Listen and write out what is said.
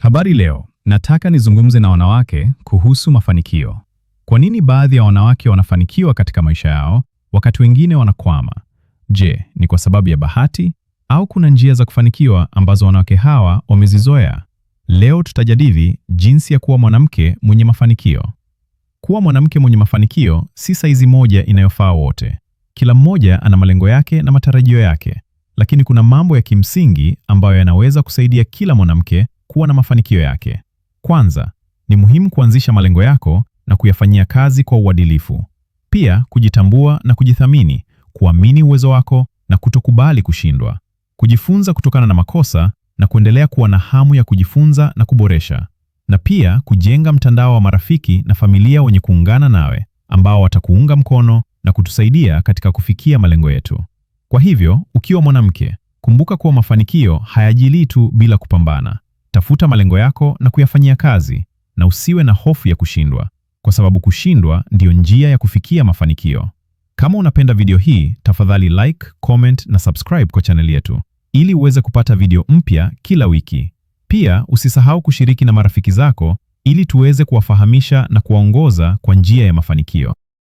Habari leo, nataka nizungumze na wanawake kuhusu mafanikio. Kwa nini baadhi ya wanawake wanafanikiwa katika maisha yao wakati wengine wanakwama? Je, ni kwa sababu ya bahati au kuna njia za kufanikiwa ambazo wanawake hawa wamezizoea? Leo tutajadili jinsi ya kuwa mwanamke mwenye mafanikio. Kuwa mwanamke mwenye mafanikio si saizi moja inayofaa wote. Kila mmoja ana malengo yake na matarajio yake, lakini kuna mambo ya kimsingi ambayo yanaweza kusaidia kila mwanamke kuwa na mafanikio yake. Kwanza, ni muhimu kuanzisha malengo yako na kuyafanyia kazi kwa uadilifu. Pia, kujitambua na kujithamini, kuamini uwezo wako na kutokubali kushindwa, kujifunza kutokana na makosa na kuendelea kuwa na hamu ya kujifunza na kuboresha. Na pia, kujenga mtandao wa marafiki na familia wenye kuungana nawe, ambao watakuunga mkono na kutusaidia katika kufikia malengo yetu. Kwa hivyo, ukiwa mwanamke, kumbuka kuwa mafanikio hayajilii tu bila kupambana. Tafuta malengo yako na kuyafanyia kazi, na usiwe na hofu ya kushindwa, kwa sababu kushindwa ndiyo njia ya kufikia mafanikio. Kama unapenda video hii, tafadhali like, comment na subscribe kwa chaneli yetu ili uweze kupata video mpya kila wiki. Pia usisahau kushiriki na marafiki zako ili tuweze kuwafahamisha na kuwaongoza kwa njia ya mafanikio.